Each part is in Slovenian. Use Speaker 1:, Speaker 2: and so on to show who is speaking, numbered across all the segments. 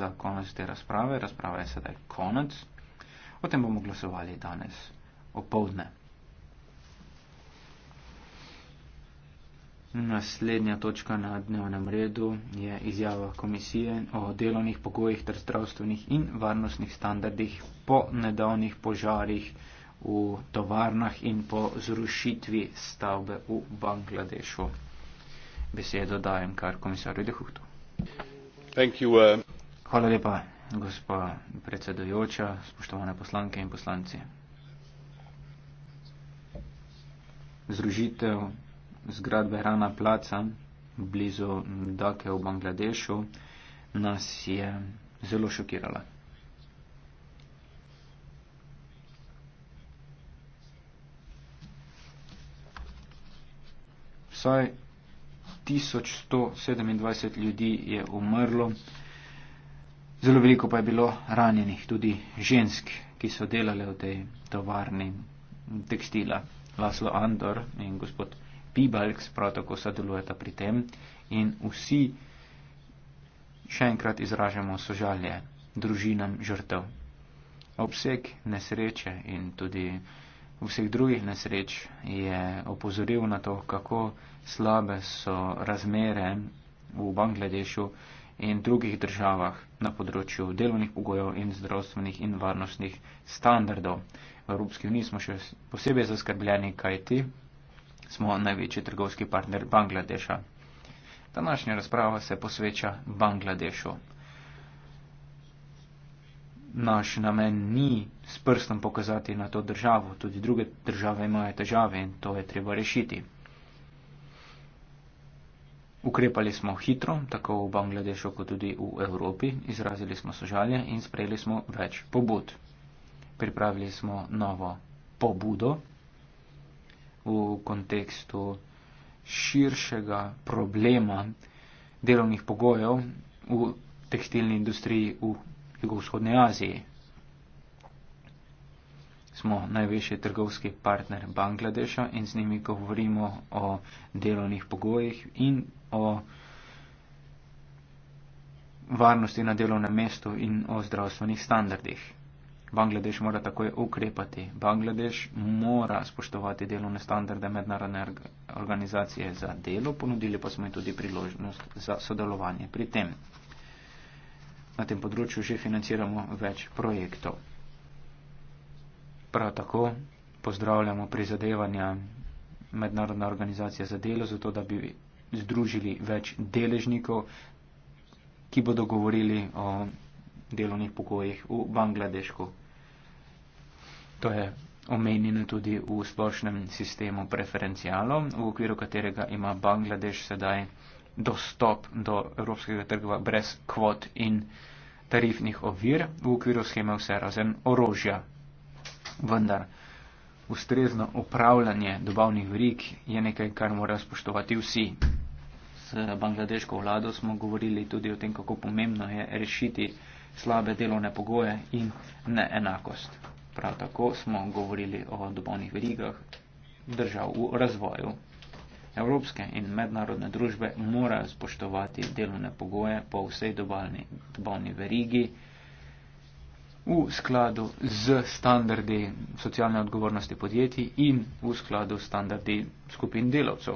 Speaker 1: za konec te razprave. Razprava je sedaj konec. O tem bomo glasovali danes opoldne. Naslednja točka na dnevnem redu je izjava komisije o delovnih pogojih ter zdravstvenih in varnostnih standardih po nedavnih požarih v tovarnah in po zrušitvi stavbe v Bangladešu. Besedo dajem kar komisarju Dehuhtu. Thank you. Uh... Hvala lepa, gospa predsedujoča, spoštovane poslanke in poslanci. Zružitev zgradbe Rana Placa blizu Dake v Bangladešu nas je zelo šokirala. Vsaj 1127 ljudi je umrlo. Zelo veliko pa je bilo ranjenih, tudi žensk, ki so delale v tej tovarni tekstila. Laslo Andor in gospod Pibalks prav tako sodelujeta pri tem in vsi še enkrat izražamo sožalje družinam žrtev. Obseg nesreče in tudi vseh drugih nesreč je opozoril na to, kako slabe so razmere v Bangladešu in drugih državah na področju delovnih pogojev in zdravstvenih in varnostnih standardov. V Evropski uniji smo še posebej zaskrbljeni, kajti smo največji trgovski partner Bangladeša. Današnja razprava se posveča Bangladešu. Naš namen ni s prstom pokazati na to državo, tudi druge države imajo težave in to je treba rešiti. Ukrepali smo hitro, tako v Bangladešu kot tudi v Evropi, izrazili smo sožalje in sprejeli smo več pobud. Pripravili smo novo pobudo v kontekstu širšega problema delovnih pogojev v tekstilni industriji v jugovzhodni Aziji smo največji trgovski partner Bangladeša in z njimi govorimo o delovnih pogojih in o varnosti na delovnem mestu in o zdravstvenih standardih. Bangladeš mora takoj ukrepati. Bangladeš mora spoštovati delovne standarde mednarodne organizacije za delo, ponudili pa smo jim tudi priložnost za sodelovanje pri tem. Na tem področju že financiramo več projektov. Prav tako pozdravljamo prizadevanja Mednarodne organizacije za delo, zato da bi združili več deležnikov, ki bodo govorili o delovnih pogojih v Bangladešku. To je omenjeno tudi v splošnem sistemu preferencijalo, v okviru katerega ima Bangladeš sedaj dostop do evropskega trga brez kvot in tarifnih ovir v okviru scheme vse razen orožja vendar ustrezno upravljanje dobavnih verig je nekaj, kar morajo spoštovati vsi. S bangladeško vlado smo govorili tudi o tem, kako pomembno je rešiti slabe delovne pogoje in neenakost. Prav tako smo govorili o dobavnih verigah držav v razvoju. Evropske in mednarodne družbe morajo spoštovati delovne pogoje po vsej dobavni, dobavni verigi v skladu z standardi socialne odgovornosti podjetij in v skladu s standardi skupin delavcev.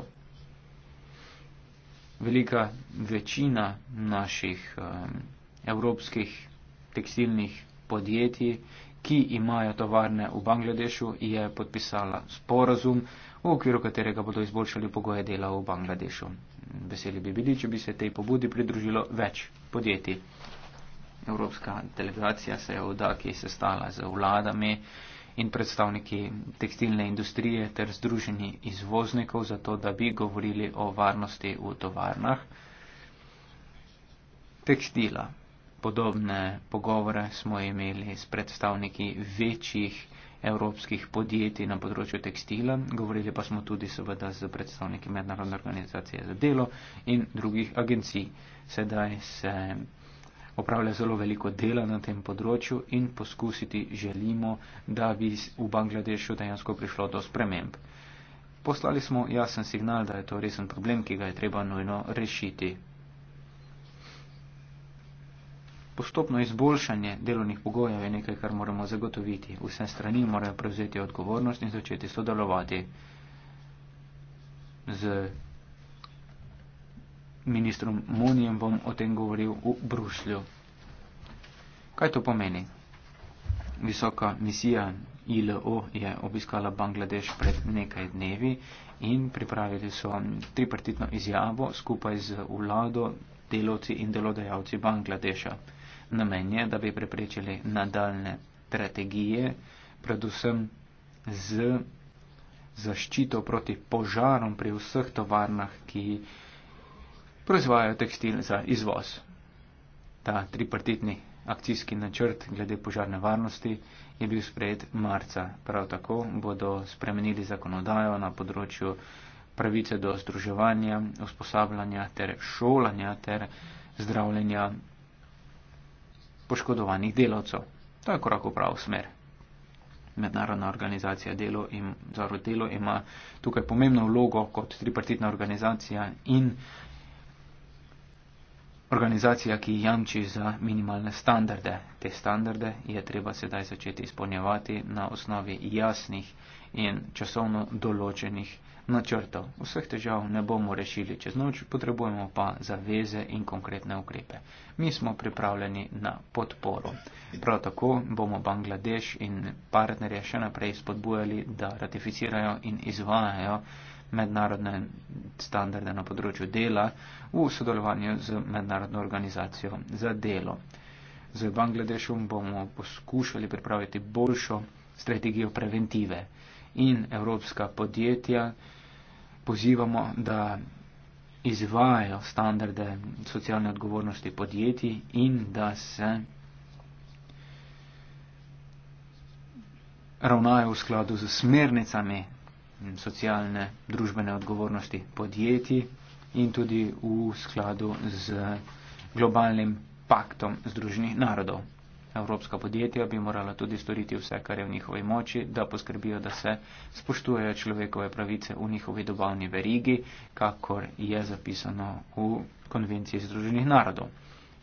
Speaker 1: Velika večina naših um, evropskih tekstilnih podjetij, ki imajo tovarne v Bangladešu, je podpisala sporazum, v okviru katerega bodo izboljšali pogoje dela v Bangladešu. Veseli bi bili, če bi se tej pobudi pridružilo več podjetij. Evropska delegacija se je v Daki sestala z vladami in predstavniki tekstilne industrije ter združeni izvoznikov za to, da bi govorili o varnosti v tovarnah. Tekstila. Podobne pogovore smo imeli s predstavniki večjih evropskih podjetij na področju tekstila, govorili pa smo tudi seveda z predstavniki Mednarodne organizacije za delo in drugih agencij. Sedaj se opravlja zelo veliko dela na tem področju in poskusiti želimo, da bi v Bangladešu dejansko prišlo do sprememb. Poslali smo jasen signal, da je to resen problem, ki ga je treba nujno rešiti. Postopno izboljšanje delovnih pogojev je nekaj, kar moramo zagotoviti. Vse strani morajo prevzeti odgovornost in začeti sodelovati z ministrom Munijem bom o tem govoril v Bruslju. Kaj to pomeni? Visoka misija ILO je obiskala Bangladeš pred nekaj dnevi in pripravili so tripartitno izjavo skupaj z vlado, deloci in delodajalci Bangladeša. Namen je, da bi preprečili nadaljne strategije, predvsem z zaščito proti požarom pri vseh tovarnah, ki proizvajajo tekstil za izvoz. Ta tripartitni akcijski načrt glede požarne varnosti je bil sprejet marca. Prav tako bodo spremenili zakonodajo na področju pravice do združevanja, usposabljanja ter šolanja ter zdravljenja poškodovanih delavcev. To je korak v pravo smer. Mednarodna organizacija delo in zavrodelo ima tukaj pomembno vlogo kot tripartitna organizacija in organizacija, ki jamči za minimalne standarde. Te standarde je treba sedaj začeti izpolnjevati na osnovi jasnih in časovno določenih načrtov. Vseh težav ne bomo rešili čez noč, potrebujemo pa zaveze in konkretne ukrepe. Mi smo pripravljeni na podporo. Prav tako bomo Bangladeš in partnerje še naprej spodbujali, da ratificirajo in izvajajo mednarodne standarde na področju dela v sodelovanju z mednarodno organizacijo za delo. Z Bangladešom bomo poskušali pripraviti boljšo strategijo preventive in evropska podjetja pozivamo, da izvajajo standarde socialne odgovornosti podjetij in da se ravnajo v skladu z smernicami socialne, družbene odgovornosti podjetij in tudi v skladu z globalnim paktom združenih narodov. Evropska podjetja bi morala tudi storiti vse, kar je v njihovi moči, da poskrbijo, da se spoštujejo človekove pravice v njihovi dobavni verigi, kakor je zapisano v konvenciji združenih narodov.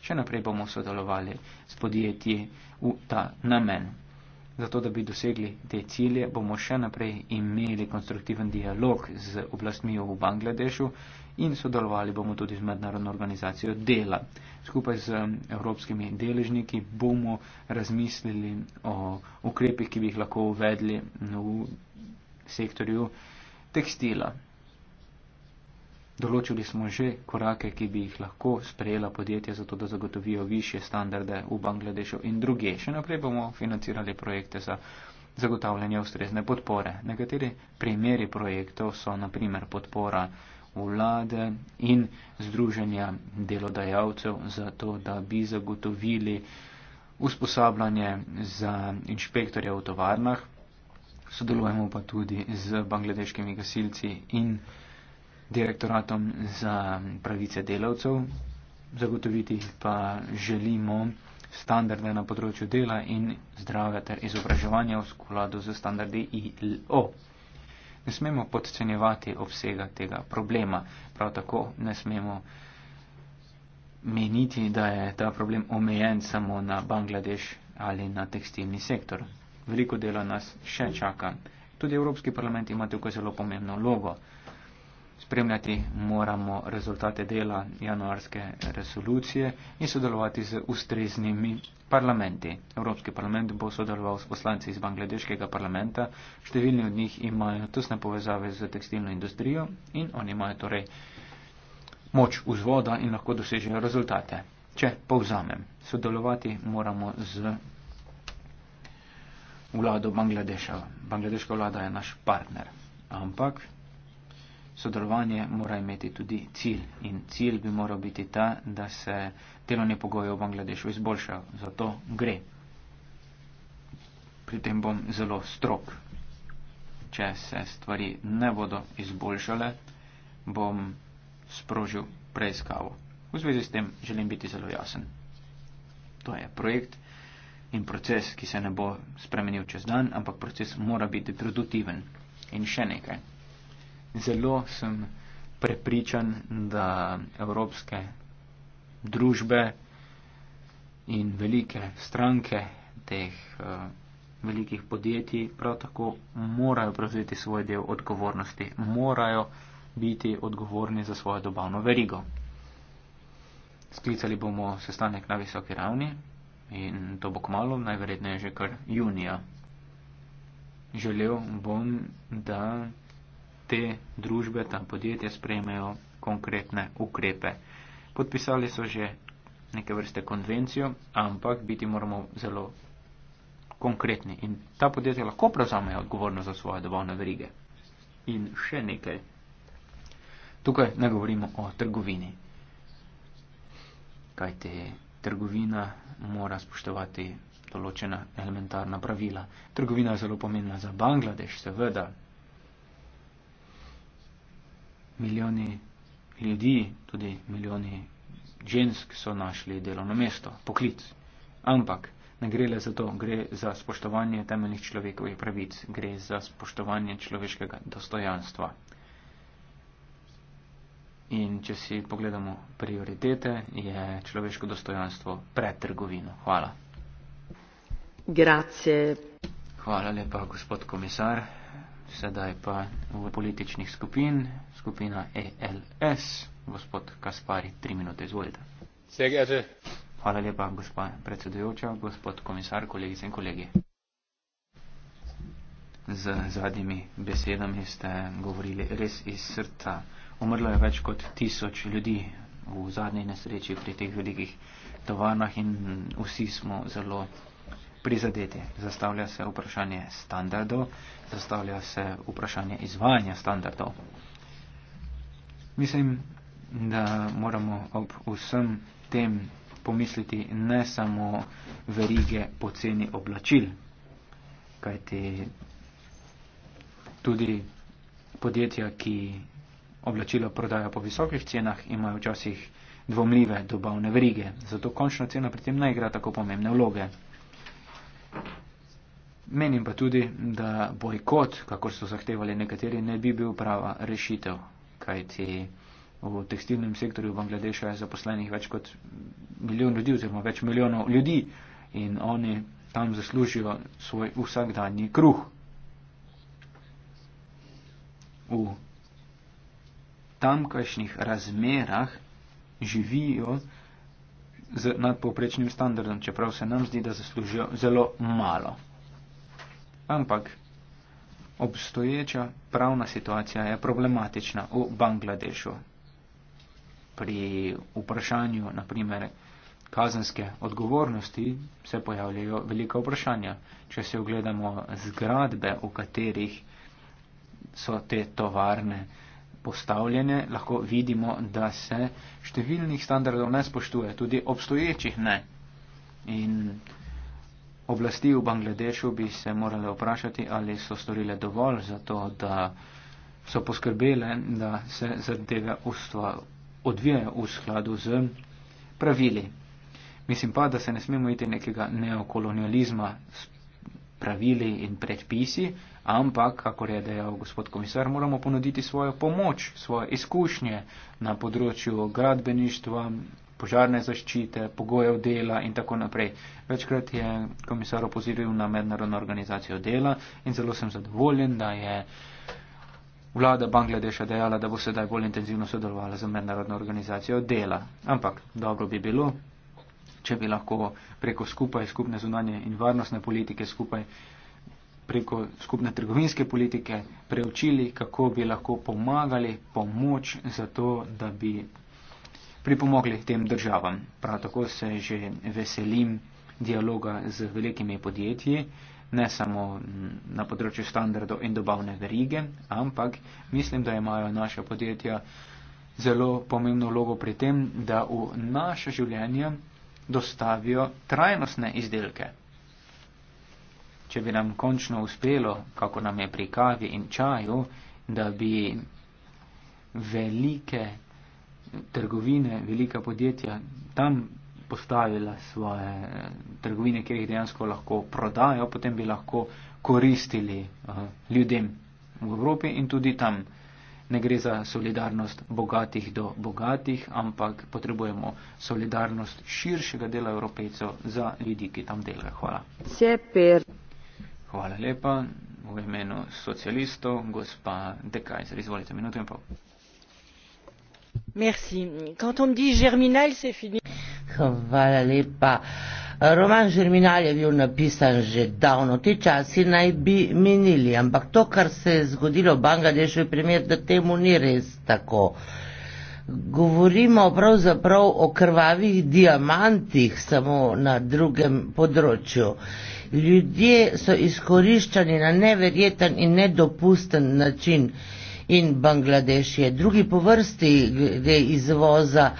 Speaker 1: Še naprej bomo sodelovali s podjetji v ta namen. Zato, da bi dosegli te cilje, bomo še naprej imeli konstruktiven dialog z oblastmi v Bangladešu in sodelovali bomo tudi z mednarodno organizacijo dela. Skupaj z evropskimi deležniki bomo razmislili o ukrepih, ki bi jih lahko uvedli v sektorju tekstila. Določili smo že korake, ki bi jih lahko sprejela podjetja, zato da zagotovijo više standarde v Bangladešu in druge. Še naprej bomo financirali projekte za zagotavljanje ustrezne podpore. Nekateri primeri projektov so naprimer podpora vlade in združenja delodajalcev za to, da bi zagotovili usposabljanje za inšpektorje v tovarnah. Sodelujemo pa tudi z bangladeškimi gasilci in direktoratom za pravice delavcev. Zagotoviti pa želimo standarde na področju dela in zdravja ter izobraževanja v skladu z standardi ILO. Ne smemo podcenjevati obsega tega problema. Prav tako ne smemo meniti, da je ta problem omejen samo na Bangladeš ali na tekstilni sektor. Veliko dela nas še čaka. Tudi Evropski parlament ima tukaj zelo pomembno logo spremljati moramo rezultate dela januarske resolucije in sodelovati z ustreznimi parlamenti. Evropski parlament bo sodeloval s poslanci iz bangladeškega parlamenta, številni od njih imajo tesne povezave z tekstilno industrijo in oni imajo torej moč vzvoda in lahko dosežejo rezultate. Če povzamem, sodelovati moramo z vlado Bangladeša. Bangladeška vlada je naš partner, ampak sodelovanje mora imeti tudi cilj in cilj bi moral biti ta, da se delovne pogoje v Bangladešu izboljšajo. Zato gre. Pri tem bom zelo strok. Če se stvari ne bodo izboljšale, bom sprožil preiskavo. V zvezi s tem želim biti zelo jasen. To je projekt in proces, ki se ne bo spremenil čez dan, ampak proces mora biti produktiven. In še nekaj zelo sem prepričan, da evropske družbe in velike stranke teh uh, velikih podjetij prav tako morajo prevzeti svoj del odgovornosti, morajo biti odgovorni za svojo dobavno verigo. Sklicali bomo sestanek na visoki ravni in to bo kmalo, najverjetneje že kar junija. Želel bom, da te družbe, ta podjetja sprejmejo konkretne ukrepe. Podpisali so že neke vrste konvencijo, ampak biti moramo zelo konkretni in ta podjetja lahko prevzamejo odgovornost za svoje dobavne verige. In še nekaj. Tukaj ne govorimo o trgovini. Kaj te trgovina mora spoštovati določena elementarna pravila. Trgovina je zelo pomembna za Bangladeš, seveda, milijoni ljudi, tudi milijoni žensk so našli delovno mesto, poklic. Ampak ne gre le za to, gre za spoštovanje temeljnih človekovih pravic, gre za spoštovanje človeškega dostojanstva. In če si pogledamo prioritete, je človeško dostojanstvo pred trgovino. Hvala.
Speaker 2: Grazie.
Speaker 1: Hvala lepa, gospod komisar sedaj pa v političnih skupin, skupina ELS, gospod Kaspari, tri minute izvolite. Hvala lepa, gospod predsedujoča, gospod komisar, kolegice in kolegi. Z zadnjimi besedami ste govorili res iz srca. Umrlo je več kot tisoč ljudi v zadnji nesreči pri teh velikih tovarnah in vsi smo zelo prizadeti. Zastavlja se vprašanje standardov, zastavlja se vprašanje izvajanja standardov. Mislim, da moramo ob vsem tem pomisliti ne samo verige poceni oblačil, kajti tudi podjetja, ki oblačila prodajo po visokih cenah, imajo včasih dvomljive dobavne verige. Zato končna cena pri tem ne igra tako pomembne vloge. Menim pa tudi, da bojkot, kako so zahtevali nekateri, ne bi bil prava rešitev, kajti v tekstilnem sektorju v Bangladešu je zaposlenih več kot milijon ljudi oziroma več milijonov ljudi in oni tam zaslužijo svoj vsakdanji kruh. V tamkajšnjih razmerah živijo z nadpovprečnim standardom, čeprav se nam zdi, da zaslužijo zelo malo. Ampak obstoječa pravna situacija je problematična v Bangladešu. Pri vprašanju, naprimer, kazenske odgovornosti se pojavljajo velika vprašanja. Če se ogledamo zgradbe, v katerih so te tovarne, postavljene, lahko vidimo, da se številnih standardov ne spoštuje, tudi obstoječih ne. In oblasti v Bangladešu bi se morale vprašati, ali so storile dovolj za to, da so poskrbele, da se zadeve ustva odvijajo v skladu z pravili. Mislim pa, da se ne smemo iti nekega neokolonializma s pravili in predpisi, Ampak, kako je dejal gospod komisar, moramo ponuditi svojo pomoč, svoje izkušnje na področju gradbeništva, požarne zaščite, pogojev dela in tako naprej. Večkrat je komisar opozoril na mednarodno organizacijo dela in zelo sem zadovoljen, da je vlada Bangladeša dejala, da bo sedaj bolj intenzivno sodelovala z mednarodno organizacijo dela. Ampak dobro bi bilo, če bi lahko preko skupaj, skupne zunanje in varnostne politike skupaj preko skupne trgovinske politike preučili, kako bi lahko pomagali pomoč za to, da bi pripomogli tem državam. Prav tako se že veselim dialoga z velikimi podjetji, ne samo na področju standardov in dobavne verige, ampak mislim, da imajo naša podjetja zelo pomembno vlogo pri tem, da v naše življenje dostavijo trajnostne izdelke če bi nam končno uspelo, kako nam je pri kavi in čaju, da bi velike trgovine, velika podjetja tam postavila svoje eh, trgovine, kjer jih dejansko lahko prodajo, potem bi lahko koristili eh, ljudem v Evropi in tudi tam. Ne gre za solidarnost bogatih do bogatih, ampak potrebujemo solidarnost širšega dela evropejcev za ljudi, ki tam delajo.
Speaker 2: Hvala.
Speaker 1: Hvala lepa. V imenu socialistov, gospa Dekajzer, izvolite minuto in pol.
Speaker 3: Merci. Quand on dit Germinal, c'est fini. Hvala lepa. Roman Germinal je bil napisan že davno, ti časi naj bi minili, ampak to, kar se je zgodilo v Bangladešu, je primer, da temu ni res tako. Govorimo pravzaprav o krvavih diamantih, samo na drugem področju ljudje so izkoriščani na neverjeten in nedopusten način. In Bangladeš je drugi po vrsti glede izvoza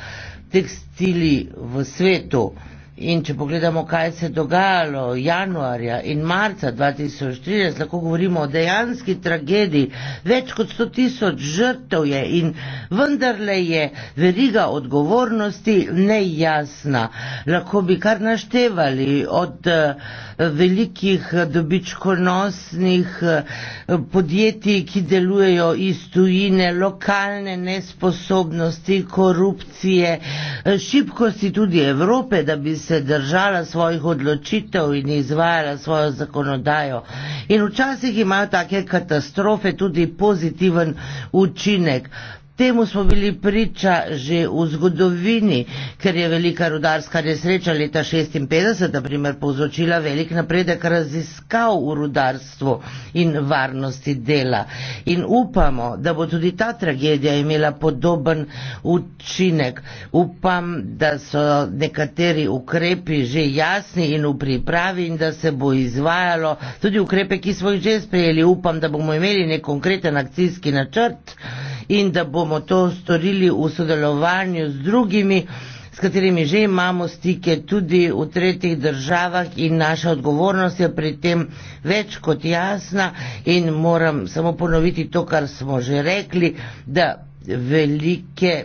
Speaker 3: tekstili v svetu. In če pogledamo, kaj se je dogajalo januarja in marca 2014, lahko govorimo o dejanski tragediji. Več kot 100 tisoč žrtev je in vendarle je veriga odgovornosti nejasna. Lahko bi kar naštevali od eh, velikih dobičkonosnih eh, podjetij, ki delujejo iz tujine, lokalne nesposobnosti, korupcije, eh, šibkosti tudi Evrope, da bi se držala svojih odločitev in izvajala svojo zakonodajo. In včasih imajo take katastrofe tudi pozitiven učinek. Temu smo bili priča že v zgodovini, ker je velika rudarska nesreča leta 1956, naprimer, povzročila velik napredek raziskav v rudarstvu in varnosti dela. In upamo, da bo tudi ta tragedija imela podoben učinek. Upam, da so nekateri ukrepi že jasni in v pripravi in da se bo izvajalo tudi ukrepe, ki smo jih že sprejeli. Upam, da bomo imeli nek konkreten akcijski načrt in da bomo to storili v sodelovanju z drugimi, s katerimi že imamo stike tudi v tretjih državah in naša odgovornost je pri tem več kot jasna in moram samo ponoviti to, kar smo že rekli, da velike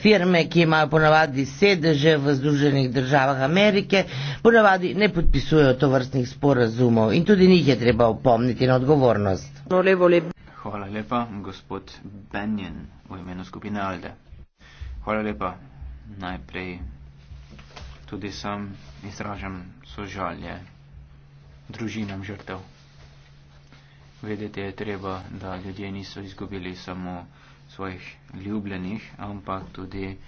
Speaker 3: firme, ki imajo ponavadi sedeže v Združenih državah Amerike, ponavadi ne podpisujejo tovrstnih sporazumov in tudi njih je treba upomniti na odgovornost.
Speaker 1: No, le, le. Hvala lepa, gospod Benjen, v imenu skupine Alde. Hvala lepa. Najprej tudi sam izražam sožalje družinam žrtev. Vedeti je treba, da ljudje niso izgubili samo svojih ljubljenih, ampak tudi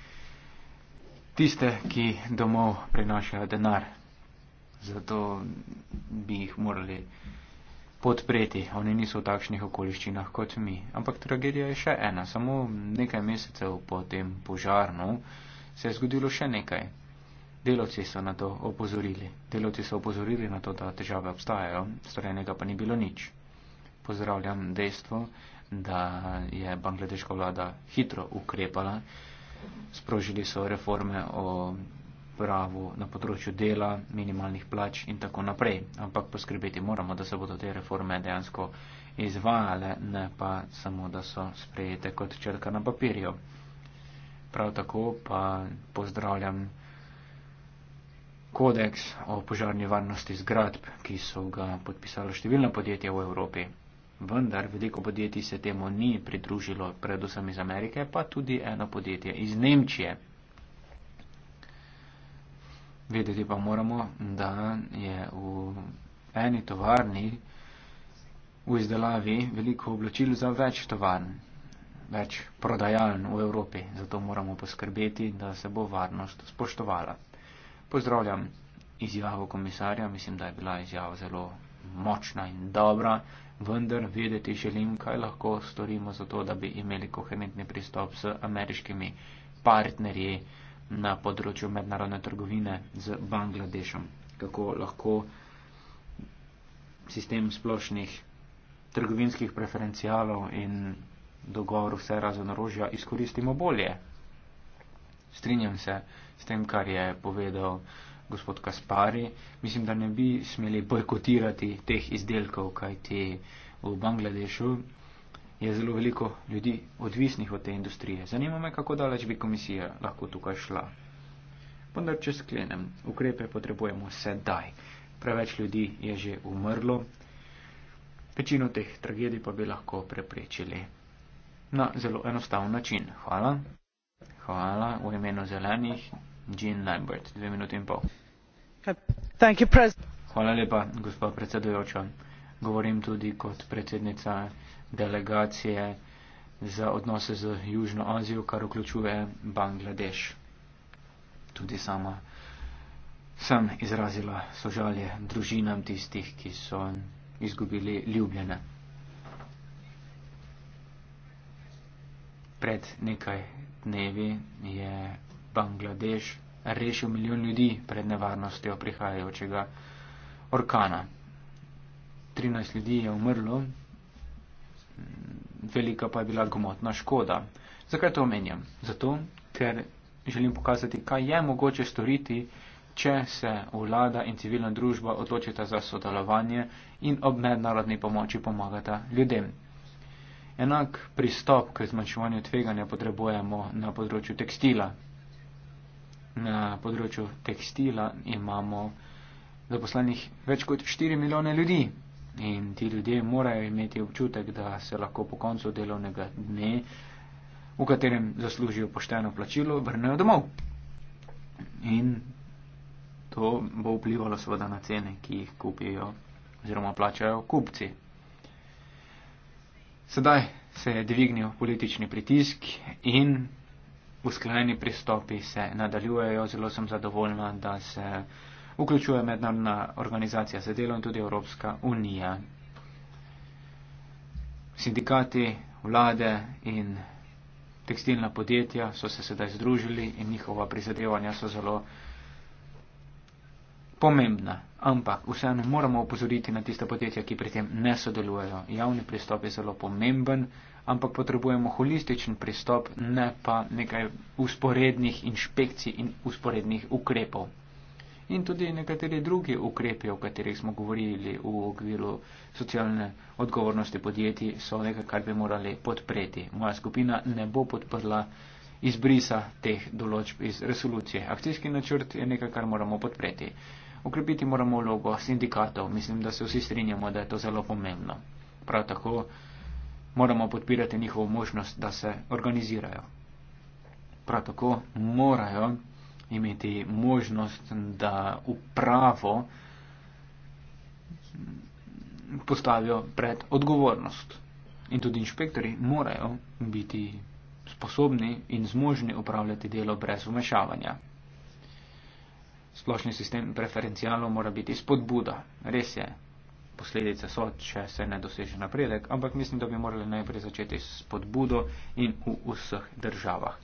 Speaker 1: tiste, ki domov prinašajo denar. Zato bi jih morali podpreti. Oni niso v takšnih okoliščinah kot mi. Ampak tragedija je še ena. Samo nekaj mesecev po tem požarnu se je zgodilo še nekaj. Delovci so na to opozorili. Delovci so opozorili na to, da težave obstajajo, storjenega pa ni bilo nič. Pozdravljam dejstvo, da je bangladeška vlada hitro ukrepala. Sprožili so reforme o odpravo na področju dela, minimalnih plač in tako naprej. Ampak poskrbeti moramo, da se bodo te reforme dejansko izvajale, ne pa samo, da so sprejete kot črka na papirju. Prav tako pa pozdravljam kodeks o požarni varnosti zgradb, ki so ga podpisalo številna podjetja v Evropi. Vendar veliko podjetij se temu ni pridružilo, predvsem iz Amerike, pa tudi eno podjetje iz Nemčije, Vedeti pa moramo, da je v eni tovarni v izdelavi veliko oblačil za več tovarn, več prodajaln v Evropi. Zato moramo poskrbeti, da se bo varnost spoštovala. Pozdravljam izjavo komisarja, mislim, da je bila izjava zelo močna in dobra, vendar vedeti želim, kaj lahko storimo za to, da bi imeli koherentni pristop s ameriškimi partnerji na področju mednarodne trgovine z Bangladešom, kako lahko sistem splošnih trgovinskih preferencialov in dogovor vse razen orožja izkoristimo bolje. Strinjam se s tem, kar je povedal gospod Kaspari. Mislim, da ne bi smeli bojkotirati teh izdelkov, kajti v Bangladešu je zelo veliko ljudi odvisnih od te industrije. Zanima me, kako daleč bi komisija lahko tukaj šla. Vendar, če sklenem, ukrepe potrebujemo sedaj. Preveč ljudi je že umrlo, večino teh tragedij pa bi lahko preprečili. Na zelo enostaven način. Hvala. Hvala v imenu zelenih. Jean Lambert, dve minuti in pol. Hvala lepa, gospod predsedujoča govorim tudi kot predsednica delegacije za odnose z Južno Azijo, kar vključuje Bangladeš. Tudi sama sem izrazila sožalje družinam tistih, ki so izgubili ljubljene. Pred nekaj dnevi je Bangladeš rešil milijon ljudi pred nevarnostjo prihajajočega orkana. 13 ljudi je umrlo, mm, velika pa je bila gomotna škoda. Zakaj to omenjam? Zato, ker želim pokazati, kaj je mogoče storiti, če se vlada in civilna družba odločita za sodelovanje in ob mednarodni pomoči pomagata ljudem. Enak pristop k zmanjševanju tveganja potrebujemo na področju tekstila. Na področju tekstila imamo zaposlenih več kot 4 milijone ljudi. In ti ljudje morajo imeti občutek, da se lahko po koncu delovnega dne, v katerem zaslužijo pošteno plačilo, vrnejo domov. In to bo vplivalo seveda na cene, ki jih kupijo oziroma plačajo kupci. Sedaj se je dvignil politični pritisk in usklajeni pristopi se nadaljujejo. Zelo sem zadovoljna, da se vključuje mednarodna organizacija za delo in tudi Evropska unija. Sindikati, vlade in tekstilna podjetja so se sedaj združili in njihova prizadevanja so zelo pomembna. Ampak vseeno moramo opozoriti na tiste podjetja, ki pri tem ne sodelujejo. Javni pristop je zelo pomemben, ampak potrebujemo holističen pristop, ne pa nekaj usporednih inšpekcij in usporednih ukrepov in tudi nekateri drugi ukrepi, o katerih smo govorili v okviru socialne odgovornosti podjetij, so nekaj, kar bi morali podpreti. Moja skupina ne bo podprla izbrisa teh določb iz resolucije. Akcijski načrt je nekaj, kar moramo podpreti. Okrepiti moramo vlogo sindikatov. Mislim, da se vsi strinjamo, da je to zelo pomembno. Prav tako moramo podpirati njihovo možnost, da se organizirajo. Prav tako morajo imeti možnost, da upravo postavijo pred odgovornost. In tudi inšpektori morajo biti sposobni in zmožni upravljati delo brez vmešavanja. Splošni sistem preferencialov mora biti spodbuda. Res je, posledice so, če se ne doseže napredek, ampak mislim, da bi morali najprej začeti s spodbudo in v vseh državah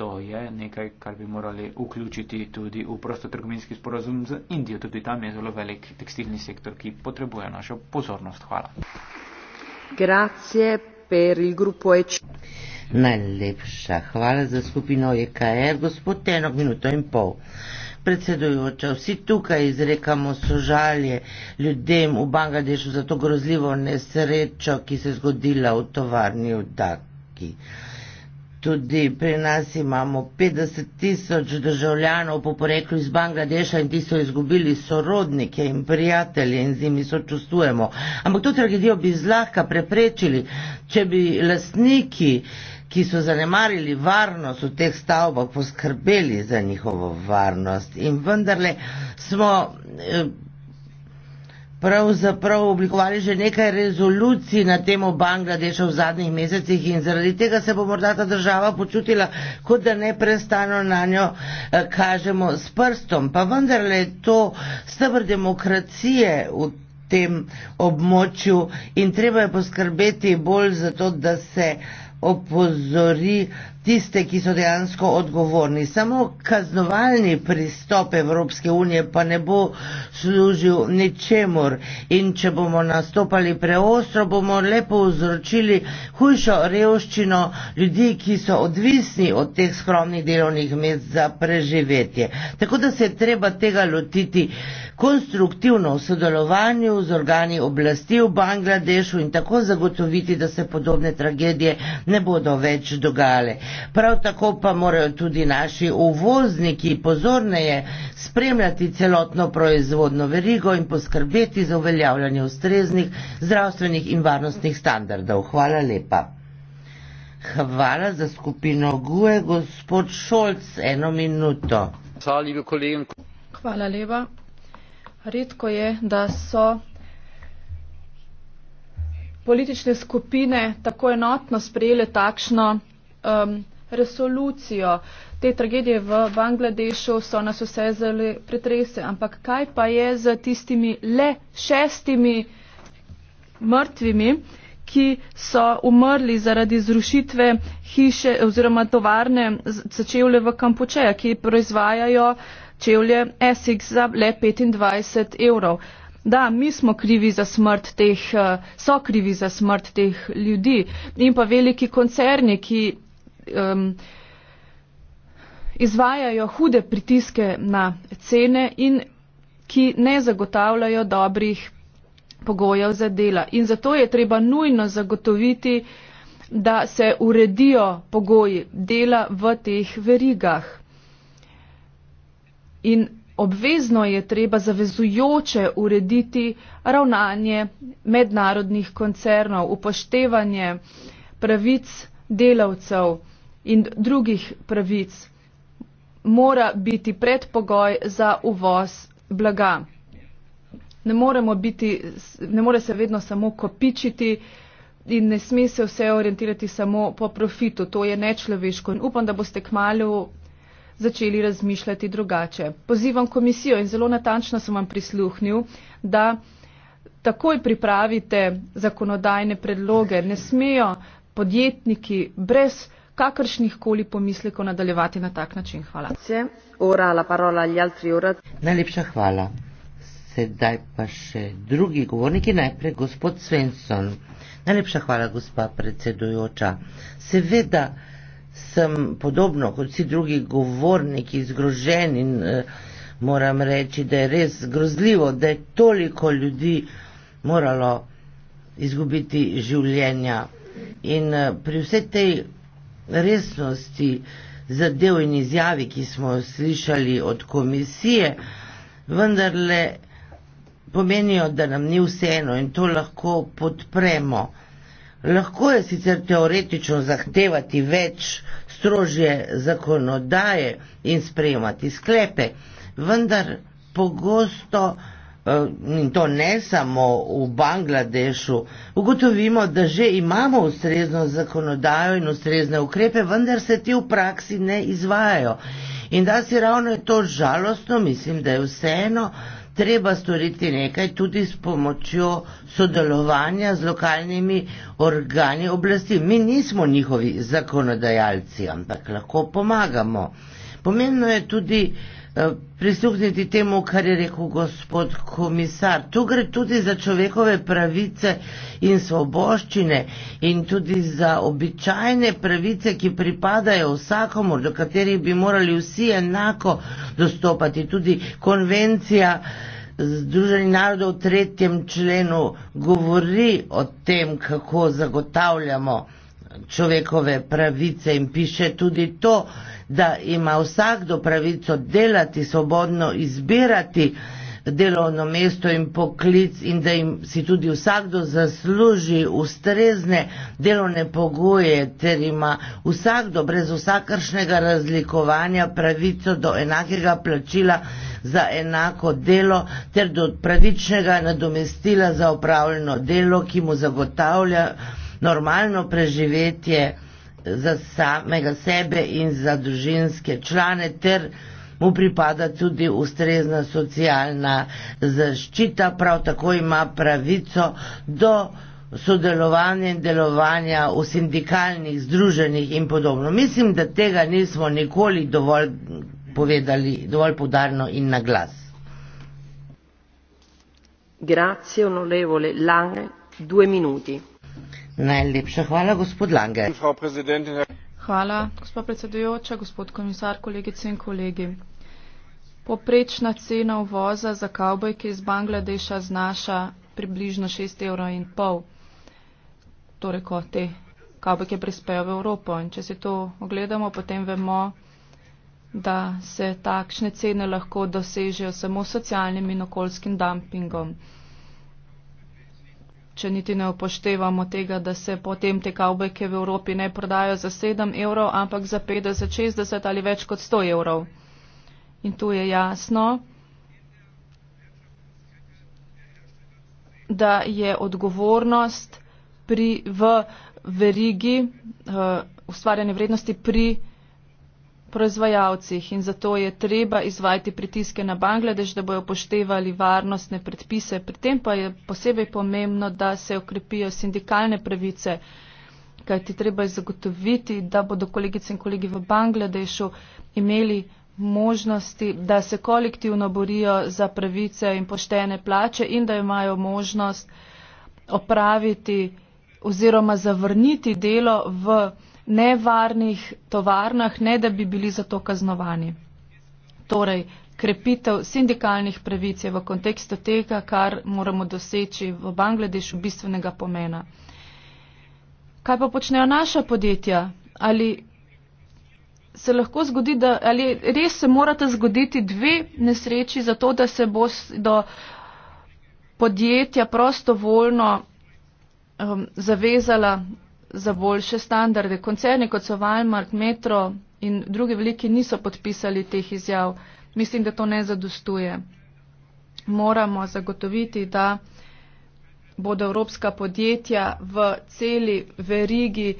Speaker 1: to je nekaj, kar bi morali vključiti tudi v prostotrgovinski sporozum z Indijo. Tudi tam je zelo velik tekstilni sektor, ki potrebuje našo pozornost. Hvala.
Speaker 2: Grazie per il gruppo EC.
Speaker 3: Najlepša hvala za skupino EKR, gospod Tenok, minuto in pol. Predsedujoča, vsi tukaj izrekamo sožalje ljudem v Bangladešu za to grozljivo nesrečo, ki se je zgodila v tovarni v Daki tudi pri nas imamo 50 tisoč državljanov po poreklu iz Bangladeša in ti so izgubili sorodnike in prijatelje in z njimi sočustujemo. Ampak to tragedijo bi zlahka preprečili, če bi lastniki, ki so zanemarili varnost v teh stavbah, poskrbeli za njihovo varnost. In vendarle smo. Eh, pravzaprav oblikovali že nekaj rezolucij na temo Bangladeša v zadnjih mesecih in zaradi tega se bo morda ta država počutila, kot da neprestano na njo eh, kažemo s prstom. Pa vendarle je to stebr demokracije v tem območju in treba je poskrbeti bolj za to, da se opozori tiste, ki so dejansko odgovorni. Samo kaznovalni pristop Evropske unije pa ne bo služil ničemur in če bomo nastopali preostro, bomo lepo vzročili hujšo revščino ljudi, ki so odvisni od teh skromnih delovnih mest za preživetje. Tako da se je treba tega lotiti konstruktivno v sodelovanju z organi oblasti v Bangladešu in tako zagotoviti, da se podobne tragedije ne bodo več dogajale. Prav tako pa morajo tudi naši uvozniki pozorneje spremljati celotno proizvodno verigo in poskrbeti za uveljavljanje ustreznih zdravstvenih in varnostnih standardov. Hvala lepa. Hvala za skupino GUE, gospod Šolc, eno minuto.
Speaker 2: Hvala lepa. Redko je, da so politične skupine tako enotno sprejele takšno um, resolucijo te tragedije v Bangladešu, so nas vse zelo pretrese. Ampak kaj pa je z tistimi le šestimi mrtvimi, ki so umrli zaradi zrušitve hiše oziroma tovarne za čevlje v Kampučeja, ki proizvajajo čevlje Essex za le 25 evrov. Da, mi smo krivi za smrt teh, uh, so krivi za smrt teh ljudi in pa veliki koncerni, ki um, izvajajo hude pritiske na cene in ki ne zagotavljajo dobrih pogojev za dela. In zato je treba nujno zagotoviti, da se uredijo pogoji dela v teh verigah. In obvezno je treba zavezujoče urediti ravnanje mednarodnih koncernov, upoštevanje pravic delavcev in drugih pravic mora biti predpogoj za uvoz blaga. Ne, biti, ne more se vedno samo kopičiti in ne sme se vse orientirati samo po profitu. To je nečloveško in upam, da boste kmalo začeli razmišljati drugače. Pozivam komisijo in zelo natančno sem vam prisluhnil, da takoj pripravite zakonodajne predloge. Ne smejo podjetniki brez kakršnih koli pomislekov nadaljevati na tak način. Hvala.
Speaker 3: Najlepša hvala. Sedaj pa še drugi govorniki, najprej gospod Svensson. Najlepša hvala, gospa predsedujoča. Seveda sem podobno kot vsi drugi govorniki zgrožen in eh, moram reči, da je res grozljivo, da je toliko ljudi moralo izgubiti življenja. In eh, pri vsej tej resnosti zadev in izjavi, ki smo slišali od komisije, vendarle pomenijo, da nam ni vseeno in to lahko podpremo. Lahko je sicer teoretično zahtevati več strožje zakonodaje in sprejemati sklepe, vendar pogosto Eh, in to ne samo v Bangladešu, ugotovimo, da že imamo ustrezno zakonodajo in ustrezne ukrepe, vendar se ti v praksi ne izvajajo. In da si ravno je to žalostno, mislim, da je vseeno treba storiti nekaj tudi s pomočjo sodelovanja z lokalnimi organi oblasti. Mi nismo njihovi zakonodajalci, ampak lahko pomagamo. Pomembno je tudi, Eh, prisluhniti temu, kar je rekel gospod komisar. Tu gre tudi za človekove pravice in svoboščine in tudi za običajne pravice, ki pripadajo vsakomu, do katerih bi morali vsi enako dostopati. Tudi konvencija Združenih narodov v tretjem členu govori o tem, kako zagotavljamo človekove pravice in piše tudi to, da ima vsakdo pravico delati svobodno, izbirati delovno mesto in poklic in da jim si tudi vsakdo zasluži ustrezne delovne pogoje, ter ima vsakdo brez vsakršnega razlikovanja pravico do enakega plačila za enako delo ter do pravičnega nadomestila za opravljeno delo, ki mu zagotavlja normalno preživetje za samega sebe in za družinske člane, ter mu pripada tudi ustrezna socialna zaščita, prav tako ima pravico do sodelovanja in delovanja v sindikalnih združenjih in podobno. Mislim, da tega nismo nikoli dovolj povedali, dovolj podarno in na glas.
Speaker 2: Grazie onorevole Lange, due minuti.
Speaker 3: Najlepša hvala, gospod Lange.
Speaker 2: Hvala, gospod predsedujoča, gospod komisar, kolegice in kolegi. Poprečna cena uvoza za kavbojke iz Bangladeša znaša približno 6,5 evra, torej ko te kavbojke prispejo v Evropo. In če se to ogledamo, potem vemo, da se takšne cene lahko dosežejo samo socialnim in okoljskim dumpingom če niti ne upoštevamo tega, da se potem te kavbojke v Evropi ne prodajo za 7 evrov, ampak za 50, 60 ali več kot 100 evrov. In tu je jasno, da je odgovornost pri, v verigi, v eh, ustvarjanju vrednosti pri proizvajalcih in zato je treba izvajati pritiske na Bangladeš, da bojo poštevali varnostne predpise. Pri tem pa je posebej pomembno, da se okrepijo sindikalne pravice, kajti treba je zagotoviti, da bodo kolegice in kolegi v Bangladešu imeli možnosti, da se kolektivno borijo za pravice in poštene plače in da imajo možnost opraviti oziroma zavrniti delo v Bangladešu nevarnih tovarnah, ne da bi bili zato kaznovani. Torej, krepitev sindikalnih pravic je v kontekstu tega, kar moramo doseči v Bangladešu bistvenega pomena. Kaj pa počnejo naša podjetja? Ali se lahko zgodi, da, ali res se morate zgoditi dve nesreči za to, da se bo do podjetja prostovoljno um, zavezala za boljše standarde. Koncerni kot so Walmart, Metro in drugi veliki niso podpisali teh izjav. Mislim, da to ne zadostuje. Moramo zagotoviti, da bodo evropska podjetja v celi verigi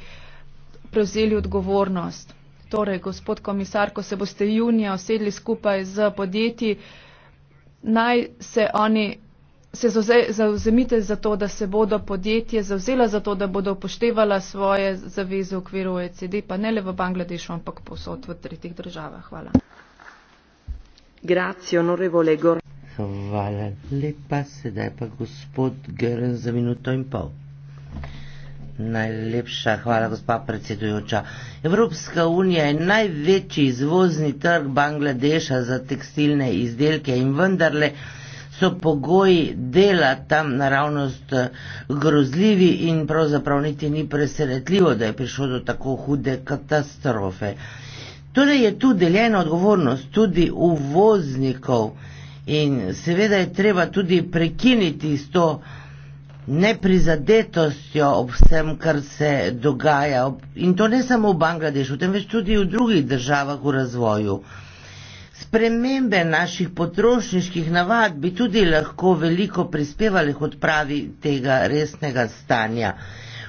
Speaker 2: prevzeli odgovornost. Torej, gospod komisar, ko se boste junija osedli skupaj z podjetji, naj se oni se zauzemite za to, da se bodo podjetje zauzela za to, da bodo upoštevala svoje zaveze v okviru OECD, pa ne le v Bangladešu, ampak posod v tretjih državah. Hvala. Grazie,
Speaker 3: Hvala lepa, sedaj pa gospod Geren za minuto in pol. Najlepša hvala, gospa predsedujoča. Evropska unija je največji izvozni trg Bangladeša za tekstilne izdelke in vendarle so pogoji dela tam naravnost eh, grozljivi in pravzaprav niti ni presenetljivo, da je prišlo do tako hude katastrofe. Torej je tu deljena odgovornost tudi uvoznikov in seveda je treba tudi prekiniti s to neprizadetostjo ob vsem, kar se dogaja. In to ne samo v Bangladešu, temveč tudi v drugih državah v razvoju. Spremembe naših potrošniških navad bi tudi lahko veliko prispevali k odpravi tega resnega stanja.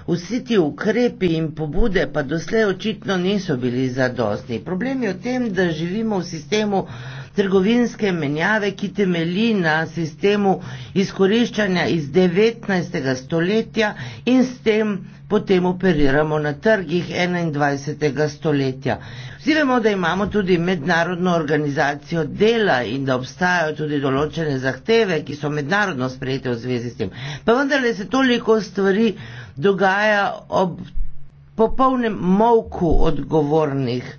Speaker 3: Vsi ti ukrepi in pobude pa doslej očitno niso bili zadostni. Problem je v tem, da živimo v sistemu trgovinske menjave, ki temelji na sistemu izkoriščanja iz 19. stoletja in s tem potem operiramo na trgih 21. stoletja. Vsi vemo, da imamo tudi mednarodno organizacijo dela in da obstajajo tudi določene zahteve, ki so mednarodno sprejete v zvezi s tem. Pa vendarle se toliko stvari dogaja ob popolnem molku odgovornih.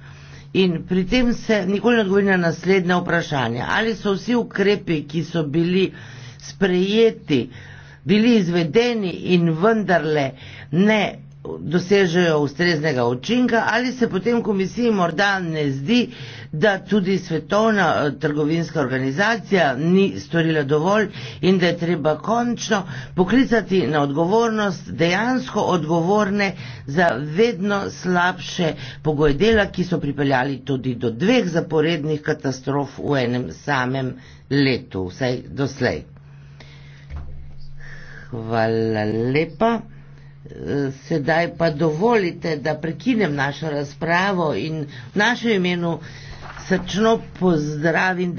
Speaker 3: In pri tem se nikoli ne odgovori na naslednje vprašanje. Ali so vsi ukrepi, ki so bili sprejeti, bili izvedeni in vendarle uh, ne dosežejo ustreznega učinka ali se potem komisiji morda ne zdi, da tudi svetovna eh, trgovinska organizacija ni storila dovolj in da je treba končno poklicati na odgovornost dejansko odgovorne za vedno slabše pogoje dela, ki so pripeljali tudi do dveh zaporednih katastrof v enem samem letu, vsaj doslej. Hvala lepa sedaj pa dovolite, da prekinem našo razpravo in v našem imenu srčno pozdravim.